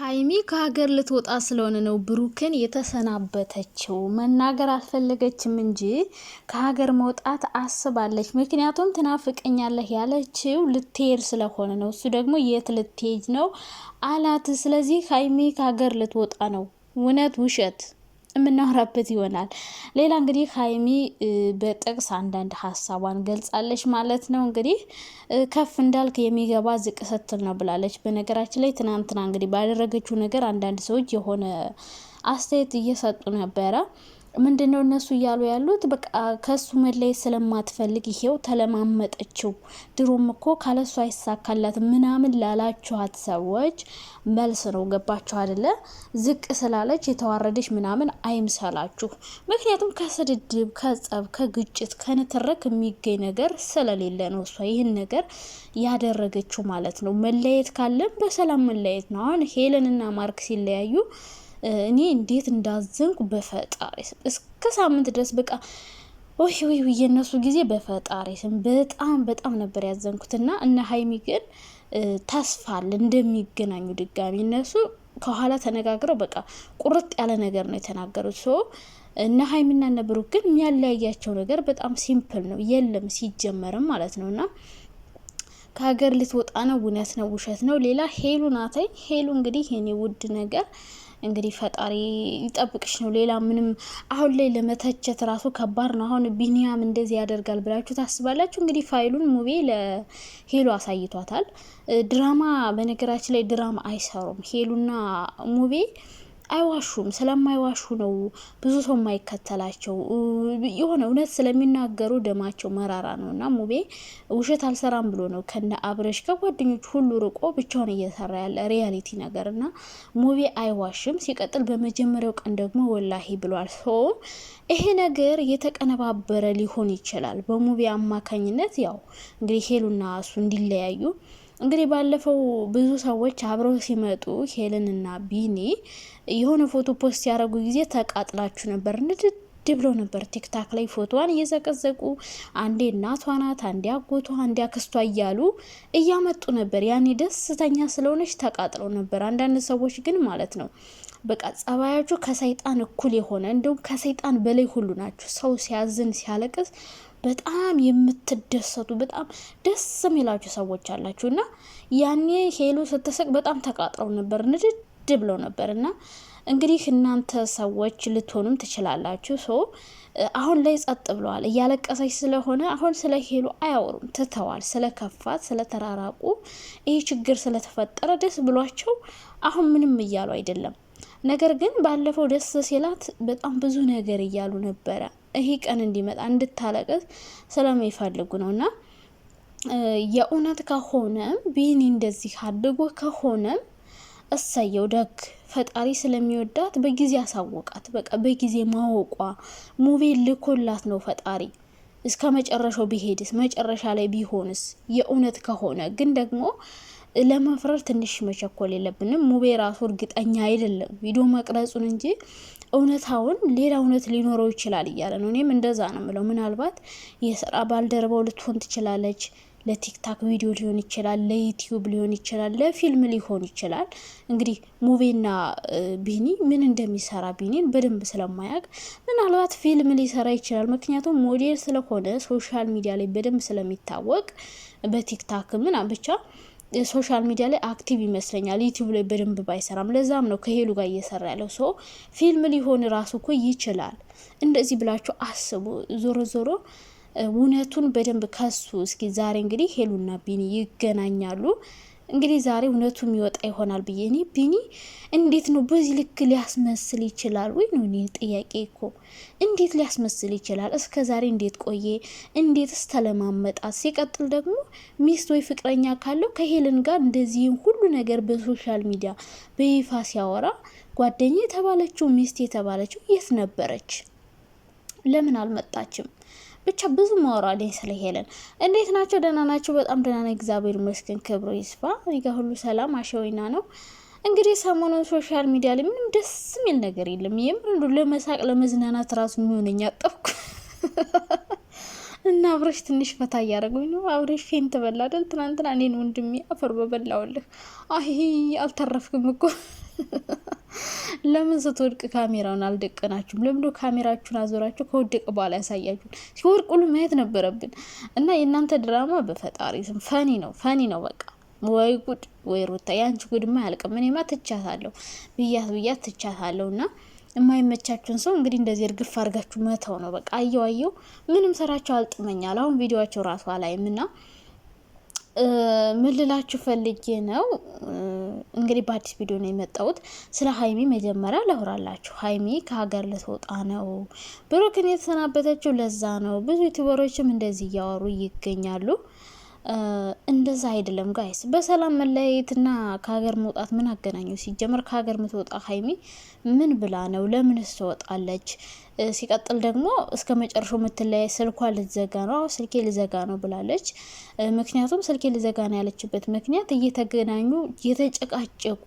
ሀይሚ ከሀገር ልትወጣ ስለሆነ ነው ብሩክን የተሰናበተችው። መናገር አልፈለገችም እንጂ ከሀገር መውጣት አስባለች። ምክንያቱም ትናፍቀኛለህ ያለችው ልትሄድ ስለሆነ ነው። እሱ ደግሞ የት ልትሄጅ ነው አላት። ስለዚህ ሀይሚ ከሀገር ልትወጣ ነው። እውነት ውሸት የምናወራበት ይሆናል። ሌላ እንግዲህ ሀይሚ በጥቅስ አንዳንድ ሀሳቧን ገልጻለች ማለት ነው። እንግዲህ ከፍ እንዳልክ የሚገባ ዝቅ ስትል ነው ብላለች። በነገራችን ላይ ትናንትና እንግዲህ ባደረገችው ነገር አንዳንድ ሰዎች የሆነ አስተያየት እየሰጡ ነበረ። ምንድነው እነሱ እያሉ ያሉት በቃ ከሱ መለየት ስለማትፈልግ ይሄው ተለማመጠችው። ድሮም እኮ ካለሱ አይሳካላት ምናምን ላላችኋት ሰዎች መልስ ነው። ገባችሁ አደለ? ዝቅ ስላለች የተዋረደች ምናምን አይምሰላችሁ። ምክንያቱም ከስድድብ፣ ከጸብ፣ ከግጭት፣ ከንትረክ የሚገኝ ነገር ስለሌለ ነው እሷ ይህን ነገር ያደረገችው ማለት ነው። መለየት ካለም በሰላም መለየት ነው። አሁን ሄለንና ማርክ ሲለያዩ እኔ እንዴት እንዳዘንኩ በፈጣሪ ስም እስከ ሳምንት ድረስ በቃ ወይ ወይ የእነሱ ጊዜ በፈጣሪ ስም በጣም በጣም ነበር ያዘንኩትና እነ ሀይሚ ግን ተስፋል እንደሚገናኙ ድጋሚ እነሱ ከኋላ ተነጋግረው በቃ ቁርጥ ያለ ነገር ነው የተናገሩት። ሶ እነ ሀይሚና እነ ብሩክ ግን የሚያለያያቸው ነገር በጣም ሲምፕል ነው የለም ሲጀመርም ማለት ነው እና ከሀገር ልትወጣ ነው። እውነት ነው ውሸት ነው ሌላ ሄሉ ናተኝ ሄሉ እንግዲህ የኔ ውድ ነገር እንግዲህ ፈጣሪ ይጠብቅሽ ነው። ሌላ ምንም አሁን ላይ ለመተቸት ራሱ ከባድ ነው። አሁን ቢኒያም እንደዚህ ያደርጋል ብላችሁ ታስባላችሁ? እንግዲህ ፋይሉን ሙቤ ለሄሉ አሳይቷታል። ድራማ በነገራችን ላይ ድራማ አይሰሩም ሄሉና ሙቤ አይዋሹም። ስለማይዋሹ ነው ብዙ ሰው የማይከተላቸው። የሆነ እውነት ስለሚናገሩ ደማቸው መራራ ነው እና ሙቤ ውሸት አልሰራም ብሎ ነው ከነ አብረሽ ከጓደኞች ሁሉ ርቆ ብቻውን እየሰራ ያለ ሪያሊቲ ነገር እና ሙቤ አይዋሽም። ሲቀጥል በመጀመሪያው ቀን ደግሞ ወላሂ ብሏል። ሶ ይሄ ነገር የተቀነባበረ ሊሆን ይችላል በሙቤ አማካኝነት ያው እንግዲህ ሄሉና እሱ እንዲለያዩ እንግዲህ ባለፈው ብዙ ሰዎች አብረው ሲመጡ ሄለንና ቢኒ የሆነ ፎቶ ፖስት ያደረጉ ጊዜ ተቃጥላችሁ ነበር ንድድ ብሎ ነበር። ቲክታክ ላይ ፎቶዋን እየዘቀዘቁ አንዴ እናቷ ናት፣ አንዴ አጎቷ፣ አንዴ አክስቷ እያሉ እያመጡ ነበር። ያኔ ደስተኛ ስለሆነች ተቃጥለው ነበር። አንዳንድ ሰዎች ግን ማለት ነው በቃ ጸባያችሁ ከሰይጣን እኩል የሆነ እንደውም ከሰይጣን በላይ ሁሉ ናችሁ። ሰው ሲያዝን ሲያለቅስ በጣም የምትደሰቱ በጣም ደስ የሚላችሁ ሰዎች አላችሁ እና ያኔ ሄሉ ስትስቅ በጣም ተቃጥረው ነበር፣ ንድድ ብለው ነበር እና እንግዲህ እናንተ ሰዎች ልትሆኑም ትችላላችሁ። ሶ አሁን ላይ ጸጥ ብለዋል። እያለቀሰች ስለሆነ አሁን ስለ ሄሉ አያወሩም፣ ትተዋል። ስለ ከፋት፣ ስለ ተራራቁ፣ ይህ ችግር ስለተፈጠረ ደስ ብሏቸው አሁን ምንም እያሉ አይደለም። ነገር ግን ባለፈው ደስ ሲላት በጣም ብዙ ነገር እያሉ ነበረ። ይሄ ቀን እንዲመጣ እንድታለቅስ ስለሚፈልጉ ነው እና የእውነት ከሆነም ቢኒ እንደዚህ አድርጎ ከሆነም እሰየው ደግ ፈጣሪ ስለሚወዳት በጊዜ አሳወቃት። በቃ በጊዜ ማወቋ ሙቤ ልኮላት ነው ፈጣሪ። እስከ መጨረሻው ቢሄድስ መጨረሻ ላይ ቢሆንስ? የእውነት ከሆነ ግን ደግሞ ለመፍረር ትንሽ መቸኮል የለብንም። ሙቤ ራሱ እርግጠኛ አይደለም ቪዲዮ መቅረጹን እንጂ እውነታውን ሌላ እውነት ሊኖረው ይችላል እያለ ነው። እኔም እንደዛ ነው ምለው። ምናልባት የስራ ባልደረባው ልትሆን ትችላለች። ለቲክታክ ቪዲዮ ሊሆን ይችላል፣ ለዩቲዩብ ሊሆን ይችላል፣ ለፊልም ሊሆን ይችላል። እንግዲህ ሙቤና ቢኒ ምን እንደሚሰራ ቢኒን በደንብ ስለማያውቅ ምናልባት ፊልም ሊሰራ ይችላል። ምክንያቱም ሞዴል ስለሆነ ሶሻል ሚዲያ ላይ በደንብ ስለሚታወቅ በቲክታክ ምናምን ብቻ ሶሻል ሚዲያ ላይ አክቲቭ ይመስለኛል። ዩቲዩብ ላይ በደንብ ባይሰራም ለዛም ነው ከሄሉ ጋር እየሰራ ያለው ሰው ፊልም ሊሆን ራሱ እኮ ይችላል። እንደዚህ ብላችሁ አስቡ። ዞሮ ዞሮ እውነቱን በደንብ ከሱ እስኪ ዛሬ እንግዲህ ሄሉና ቢኒ ይገናኛሉ። እንግዲህ ዛሬ እውነቱ የሚወጣ ይሆናል ብዬ እኔ ቢኒ እንዴት ነው በዚህ ልክ ሊያስመስል ይችላል ወይ ነው እኔ ጥያቄ እኮ። እንዴት ሊያስመስል ይችላል? እስከ ዛሬ እንዴት ቆየ? እንዴት ተለማመጣት? ሲቀጥል ደግሞ ሚስት ወይ ፍቅረኛ ካለው ከሄልን ጋር እንደዚህም ሁሉ ነገር በሶሻል ሚዲያ በይፋ ሲያወራ ጓደኛ የተባለችው ሚስት የተባለችው የት ነበረች? ለምን አልመጣችም? ብቻ ብዙ ማወራለኝ ስለ ሄለን። እንዴት ናቸው? ደህና ናቸው? በጣም ደህና ነኝ፣ እግዚአብሔር ይመስገን፣ ክብሩ ይስፋ። እኔ ጋ ሁሉ ሰላም አሸዊና ነው። እንግዲህ ሰሞኑን ሶሻል ሚዲያ ላይ ምንም ደስ የሚል ነገር የለም። የምር እንዱ ለመሳቅ ለመዝናናት ራሱ የሚሆነኝ አጠብኩ እና አብረሽ ትንሽ ፈታ እያደረጉኝ ነው። አብረሽ ፌን ትበላ አይደል? ትናንትና እኔን ወንድሜ አፈር በበላውልህ። አይ አልተረፍክም እኮ ለምን ስትወድቅ ካሜራውን አልደቀናችሁም? ለምዶ ካሜራችሁን አዞራችሁ ከወደቀ በኋላ ያሳያችሁን? ሲወድቁሉ ማየት ነበረብን እና የእናንተ ድራማ በፈጣሪ ስም ፈኒ ነው፣ ፈኒ ነው በቃ። ወይ ጉድ ወይ ሩታ የአንቺ ጉድማ አያልቅም። እኔማ ትቻታለሁ ብያት ብያት ትቻታለሁ እና የማይመቻችሁን ሰው እንግዲህ እንደዚህ እርግፍ አድርጋችሁ መተው ነው በቃ። አየው አየው ምንም ሰራቸው አልጥመኛል። አሁን ቪዲዮቸው ራሷ ላይም እና ምልላችሁ ፈልጌ ነው እንግዲህ በአዲስ ቪዲዮ ነው የመጣሁት። ስለ ሀይሚ መጀመሪያ ላውራላችሁ። ሀይሚ ከሀገር ልትወጣ ነው፣ ብሩክን የተሰናበተችው ለዛ ነው። ብዙ ዩቱበሮችም እንደዚህ እያወሩ ይገኛሉ። እንደዛ አይደለም ጋይስ። በሰላም መለያየትና ከሀገር መውጣት ምን አገናኘው? ሲጀመር ከሀገር ምትወጣ ሀይሚ ምን ብላ ነው? ለምንስ ትወጣለች? ሲቀጥል ደግሞ እስከ መጨረሻው የምትለያይ ስልኳ ልዘጋ ነው፣ ስልኬ ልዘጋ ነው ብላለች። ምክንያቱም ስልኬ ልዘጋ ነው ያለችበት ምክንያት እየተገናኙ እየተጨቃጨቁ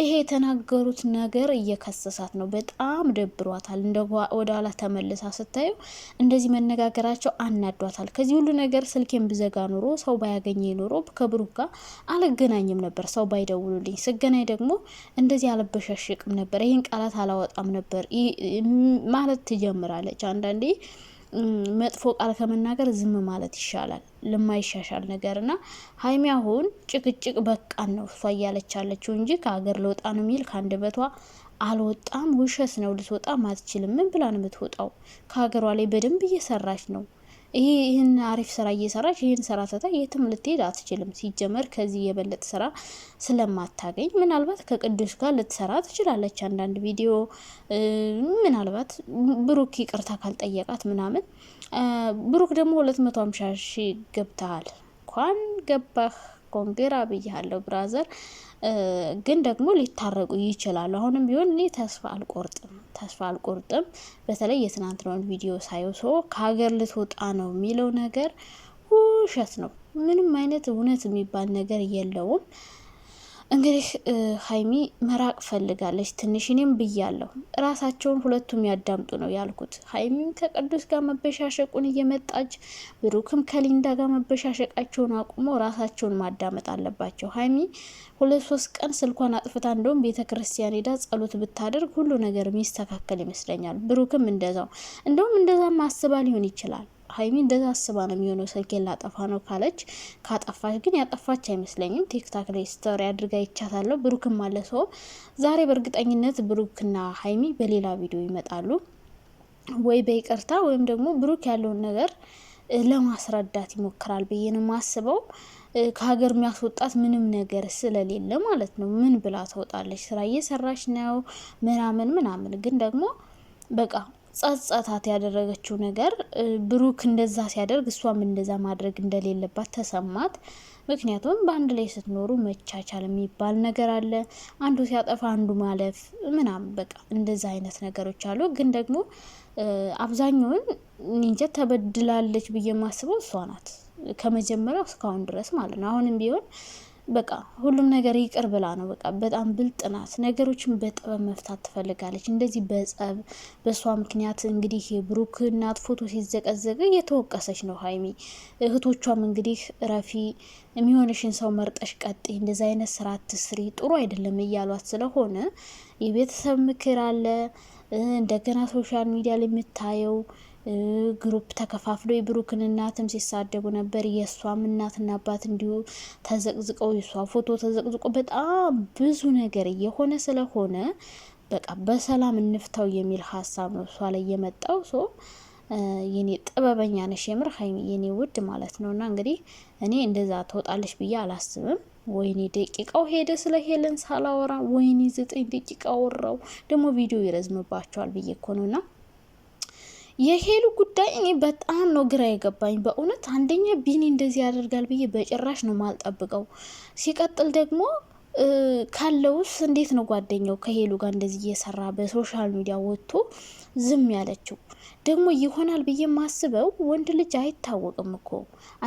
ይሄ የተናገሩት ነገር እየከሰሳት ነው። በጣም ደብሯታል። እንደ ወደኋላ ተመልሳ ስታዩ እንደዚህ መነጋገራቸው አናዷታል። ከዚህ ሁሉ ነገር ስልኬን ብዘጋ ኑሮ ሰው ባያገኘ ኑሮ ከብሩክ ጋር አልገናኝም ነበር፣ ሰው ባይደውሉልኝ፣ ስገናኝ ደግሞ እንደዚህ አልበሸሽቅም ነበር፣ ይህን ቃላት አላወጣም ነበር ማለት ትጀምራለች። አንዳንዴ መጥፎ ቃል ከመናገር ዝም ማለት ይሻላል ለማይሻሻል ነገር እና ሀይሚ አሁን ጭቅጭቅ በቃን ነው እሷ እያለች ያለችው እንጂ ከሀገር ልወጣ ነው የሚል በቷ አልወጣም። ውሸት ነው። ልትወጣ አትችልም። ምን ብላ ነው የምትወጣው? ከሀገሯ ላይ በደንብ እየሰራች ነው። ይሄ ይህን አሪፍ ስራ እየሰራች ይህን ስራ ትታ የትም ልትሄድ አትችልም። ሲጀመር ከዚህ የበለጥ ስራ ስለማታገኝ ምናልባት ከቅዱስ ጋር ልትሰራ ትችላለች። አንዳንድ ቪዲዮ ምናልባት ብሩክ ይቅርታ ካልጠየቃት ምናምን። ብሩክ ደግሞ ሁለት መቶ ሀምሳ ሺ ገብተሃል። እንኳን ገባህ ኮንግራ ብያሃለሁ ብራዘር ግን ደግሞ ሊታረቁ ይችላሉ። አሁንም ቢሆን እኔ ተስፋ አልቆርጥም ተስፋ አልቆርጥም። በተለይ የትናንትናውን ቪዲዮ ሳየው ሰው ከሀገር ልትወጣ ነው የሚለው ነገር ውሸት ነው። ምንም አይነት እውነት የሚባል ነገር የለውም። እንግዲህ ሀይሚ መራቅ ፈልጋለች ትንሽ። እኔም ብያለሁ ራሳቸውን ሁለቱም ያዳምጡ ነው ያልኩት። ሀይሚም ከቅዱስ ጋር መበሻሸቁን እየመጣች ብሩክም ከሊንዳ ጋር መበሻሸቃቸውን አቁሞ ራሳቸውን ማዳመጥ አለባቸው። ሀይሚ ሁለት ሶስት ቀን ስልኳን አጥፍታ እንደውም ቤተ ክርስቲያን ሄዳ ጸሎት ብታደርግ ሁሉ ነገር የሚስተካከል ይመስለኛል። ብሩክም እንደዛው እንደውም እንደዛ ማስባ ሊሆን ይችላል ሀይሚ እንደዛ አስባ ነው የሚሆነው። ስልኬን ላጠፋ ነው ካለች ካጠፋች ግን ያጠፋች አይመስለኝም። ቲክታክ ላይ ስቶሪ አድርጋ ይቻታለሁ። ብሩክም አለ ሰው ዛሬ በእርግጠኝነት ብሩክና ሀይሚ በሌላ ቪዲዮ ይመጣሉ ወይ በይቅርታ ወይም ደግሞ ብሩክ ያለውን ነገር ለማስረዳት ይሞክራል ብዬ ነው የማስበው። ከሀገር የሚያስወጣት ምንም ነገር ስለሌለ ማለት ነው። ምን ብላ ትወጣለች? ስራ እየሰራች ነው ምናምን ምናምን ግን ደግሞ በቃ ጸጸታት ያደረገችው ነገር ብሩክ እንደዛ ሲያደርግ እሷም እንደዛ ማድረግ እንደሌለባት ተሰማት። ምክንያቱም በአንድ ላይ ስትኖሩ መቻቻል የሚባል ነገር አለ። አንዱ ሲያጠፋ አንዱ ማለፍ ምናምን በቃ እንደዛ አይነት ነገሮች አሉ። ግን ደግሞ አብዛኛውን እንጃ ተበድላለች ብዬ የማስበው እሷ ናት ከመጀመሪያው እስካሁን ድረስ ማለት ነው። አሁንም ቢሆን በቃ ሁሉም ነገር ይቅር ብላ ነው። በቃ በጣም ብልጥ ናት። ነገሮችን በጥበብ መፍታት ትፈልጋለች። እንደዚህ በጸብ በእሷ ምክንያት እንግዲህ የብሩክ እናት ፎቶ ሲዘቀዘቅ እየተወቀሰች ነው ሀይሚ። እህቶቿም እንግዲህ ረፊ የሚሆንሽን ሰው መርጠሽ ቀጤ፣ እንደዚ አይነት ስራ አትስሪ፣ ጥሩ አይደለም እያሏት ስለሆነ የቤተሰብ ምክር አለ እንደገና ሶሻል ሚዲያ ላይ የምታየው ግሩፕ ተከፋፍሎ የብሩክን እናትም ሲሳደቡ ነበር። የእሷም እናትና አባት እንዲሁ ተዘቅዝቀው የእሷ ፎቶ ተዘቅዝቆ በጣም ብዙ ነገር እየሆነ ስለሆነ በቃ በሰላም እንፍታው የሚል ሀሳብ ነው እሷ ላይ የመጣው። ሶ የኔ ጥበበኛ ነሽ የምር የኔ ውድ ማለት ነው። እና እንግዲህ እኔ እንደዛ ትወጣለች ብዬ አላስብም። ወይኔ ደቂቃው ሄደ። ስለ ሄለን ሳላወራ ወይኔ ዘጠኝ ደቂቃ ወራው ደግሞ ቪዲዮ ይረዝምባቸዋል ብዬ እኮ ነውና የሄሉ ጉዳይ እኔ በጣም ነው ግራ የገባኝ በእውነት አንደኛ ቢኒ እንደዚህ ያደርጋል ብዬ በጭራሽ ነው ማልጠብቀው። ሲቀጥል ደግሞ ካለውስ እንዴት ነው ጓደኛው ከሄሉ ጋር እንደዚህ እየሰራ በሶሻል ሚዲያ ወጥቶ ዝም ያለችው? ደግሞ ይሆናል ብዬ ማስበው ወንድ ልጅ አይታወቅም እኮ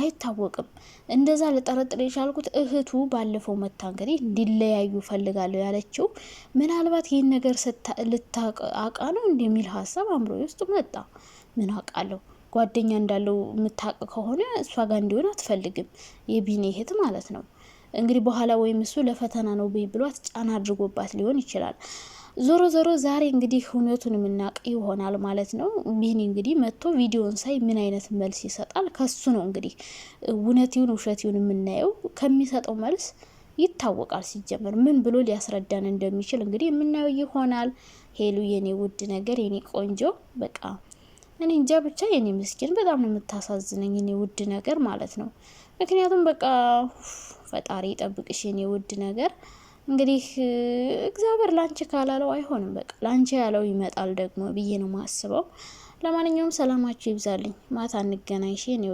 አይታወቅም። እንደዛ ልጠረጥር የቻልኩት እህቱ ባለፈው መታ እንግዲህ እንዲለያዩ ፈልጋለሁ ያለችው ምናልባት ይህን ነገር ልታቃ ነው እንደሚል ሀሳብ አእምሮ ውስጥ መጣ። ምን አውቃለሁ ጓደኛ እንዳለው የምታውቅ ከሆነ እሷ ጋር እንዲሆን አትፈልግም። የቢኒ እህት ማለት ነው። እንግዲህ በኋላ ወይም እሱ ለፈተና ነው ብይ ብሏት ጫና አድርጎባት ሊሆን ይችላል። ዞሮ ዞሮ ዛሬ እንግዲህ እውነቱን የምናውቅ ይሆናል ማለት ነው። ቢኒ እንግዲህ መጥቶ ቪዲዮን ሳይ ምን አይነት መልስ ይሰጣል? ከሱ ነው እንግዲህ እውነት ይሁን ውሸት ይሁን የምናየው። ከሚሰጠው መልስ ይታወቃል። ሲጀመር ምን ብሎ ሊያስረዳን እንደሚችል እንግዲህ የምናየው ይሆናል። ሄሉ የኔ ውድ ነገር የኔ ቆንጆ በቃ እኔ እንጃ ብቻ የኔ ምስኪን በጣም ነው የምታሳዝነኝ የኔ ውድ ነገር ማለት ነው። ምክንያቱም በቃ ፈጣሪ ጠብቅሽን የውድ ነገር። እንግዲህ እግዚአብሔር ላንቺ ካላለው አይሆንም። በቃ ላንቺ ያለው ይመጣል ደግሞ ብዬ ነው ማስበው። ለማንኛውም ሰላማችሁ ይብዛልኝ። ማታ እንገናኝ። እሺ የኔ